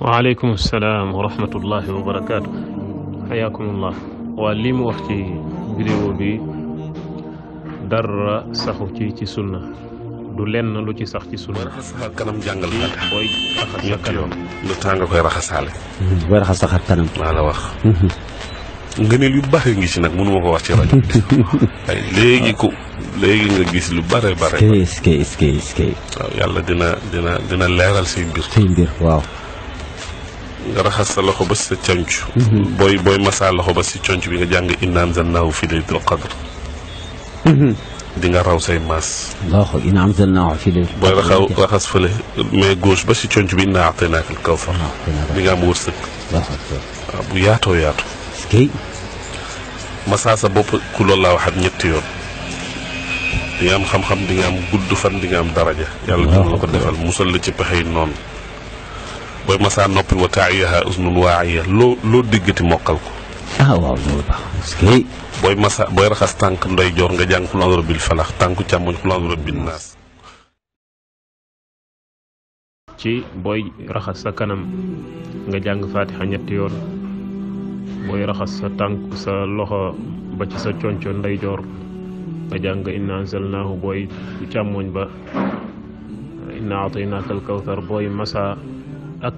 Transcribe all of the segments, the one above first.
وعليكم السلام ورحمة الله وبركاته حياكم الله واللي mu wax ci vidéo bi dara saxu ci ci sunna du lenn lu ci sax ci sunna raxas sa kanam jàngal fata koy raxas sa kanam lu tàng koy raxasaale koy raxas sa kanam maa la wax ngëneel yu bari ngi ci nag mënu ma ko wax ci rajo ay léegi ko léegi nga gis lu bare bare est-ce que est-ce que est-ce que waaw yàlla dina dina dina leeral say mbir say mbir waaw nga raxas sa loxo ba sa conc mhm. booy booy masaa loxo ba si conc bi nga jàng innaan zannaahu fi laylatul qadr mhm. di nga raw say maas allahu inna anzalnaahu fi laylatil booy raxaw raxas fële mais gauche ba si conc bi innaa a'taynaakal kawsar di nga am wërsëg waaw bu yaatoo yaatu kay masaa sa bopp ku loolu laa waxaat ñetti yoon di nga am xam-xam di nga am gudd fan di nga am daraja yàlla dina la ko defal musal la ci pexey noonu booy masaa noppi wa taayaha usnun waaxiya loo loo déggati mokkal ko ah, booy masa booy raxas tànk ndoy joor nga jàng xul rabbil falax tànku càmmoñ xul rabbin ci booy raxas sa kanam nga jàng faatixa ñetti yoon booy raxas sa tànk sa loxo ba ci sa conco ndeyjoor nga jàng inna anzalnaahu booy càmmoñ ba inna ataynaaka alkawthar booy masa ak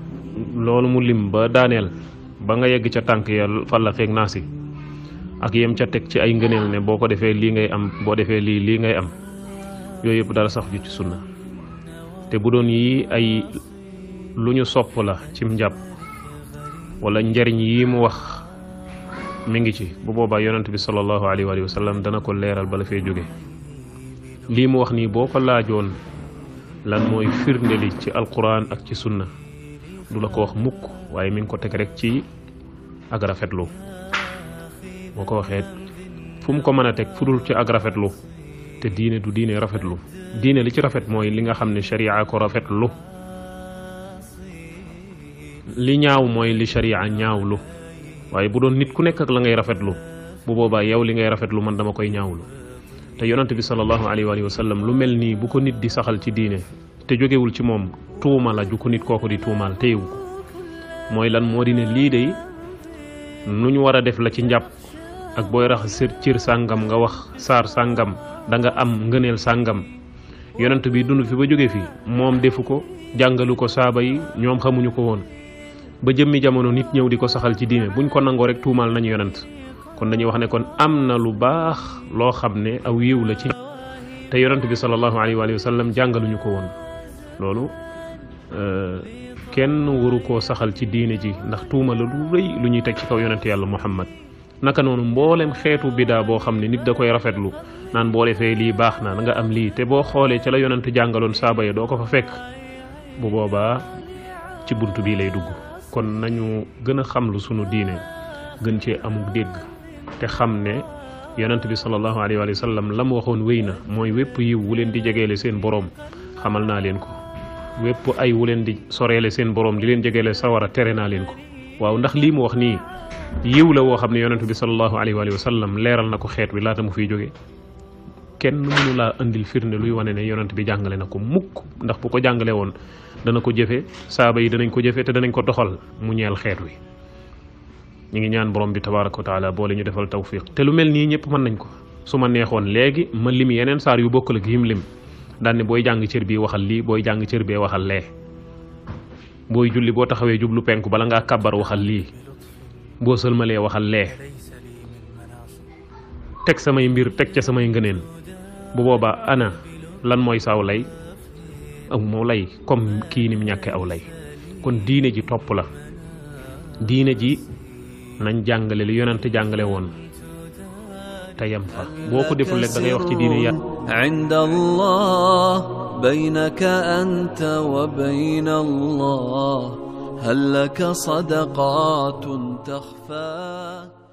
loolu mu lim ba daaneel ba nga yegg ca tànk ya fan la feeg naasi ak yem ca teg ci ay ngëneel ne boo ko defee lii ngay am boo defee lii lii ngay am yooyu yëpp dara sax ju ci sunna te bu doon yii ay lu ñu sopp la cim njàpp wala njariñ yi mu wax mi ngi ci bu boobaa yonent bi sallallahu alayhi wa sallam dana ko leeral bala fee jóge lii mu wax nii boo ko laajoon lan mooy firnde li ci alquran ak ci sunna du la ko wax mukk waaye mi ngi ko teg rek ci ak rafetlu moo ko waxee fu mu ko mën a teg fudul ci ak rafetlu te diine du diine rafetlu diine li ci rafet mooy li nga xam ne sharia ko rafetlu li ñaaw mooy li sharia ñaawlu waaye bu doon nit ku nekk ak la ngay rafetlu bu boobaa yow li ngay rafetlu man dama koy ñaawlu te yonent bi sallallahu alayhi wa sallam lu mel nii bu ko nit di saxal ci diine te jógewul ci moom tuuma la ju ko nit kooku di tuumaal te ko mooy lan moo di ne lii de lu ñu war a def la ci njàpp ak booy rax cir sàngam nga wax saar sàngam da nga am ngëneel sàngam yonent bi dund fi ba jóge fi moom defu ko jàngalu ko saaba yi ñoom xamuñu ko woon ba jëmmi jamono nit ñëw di saxal ci diine buñ ko nangoo rek tuumal nañu yonent kon dañuy wax ne kon amna lu baax lo xam aw yiw la ci te yonent bi sallallahu alayhi wa sallam ko lolu euh kenn wuru ko saxal ci diine ji ndax tuumal lu reuy lu ñuy tek ci kaw yonent yalla muhammad naka noonu mboolem xeetu bida bo xam nit da koy rafetlu nan bo defee lii baax na nga am li te bo xolé ci la yonent jangalon saaba ya do ko fa fekk bu boba ci buntu bi lay dugg kon nañu gën a lu sunu diine gën cee amuk dégg te xam ne yonent bi sallallahu alayhi wa sallam la mu waxoon wéy na mooy wépp yiw wu leen di jegeele seen boroom xamal naa leen ko wépp ay wu leen di soreele seen boroom di leen jegeele sawara tere naa leen ko waaw ndax lii mu wax nii yiw la woo xam ne yonent bi sallallahu alayhi wa sallam leeral na ko xeet wi laata mu fiy jógee kenn mënu laa indil firnde luy wane ne yonent bi jàngale na ko mukk ndax bu ko jàngale woon dana ko jëfé saaba yi danañ ko jëfé te danañ ko doxal mu ñeel xeet wi ñi ngi ñaan borom bi tabaaraku ta'ala taala li ñu defal tawfiq té lu mel nii ñëpp mën nañ ko suma neexoon légui ma lim yenen saar yu bokk ak yim lim daan ne booy cër bi waxal li boy jang cër waxal boy julli bo taxawé jublu penku bala nga kabar waxal li bo selmalé waxal lee tek samay mbir tek ci samay bu boba ana lan moy saw lay ak mu lay comme kii ni mu aw lay kon diine ji topp la diine ji nañ jàngale li yonante jàngale woon te fa boo deful rek da ngay wax ci بينك أنت وبين الله هل لك صدقات تخفى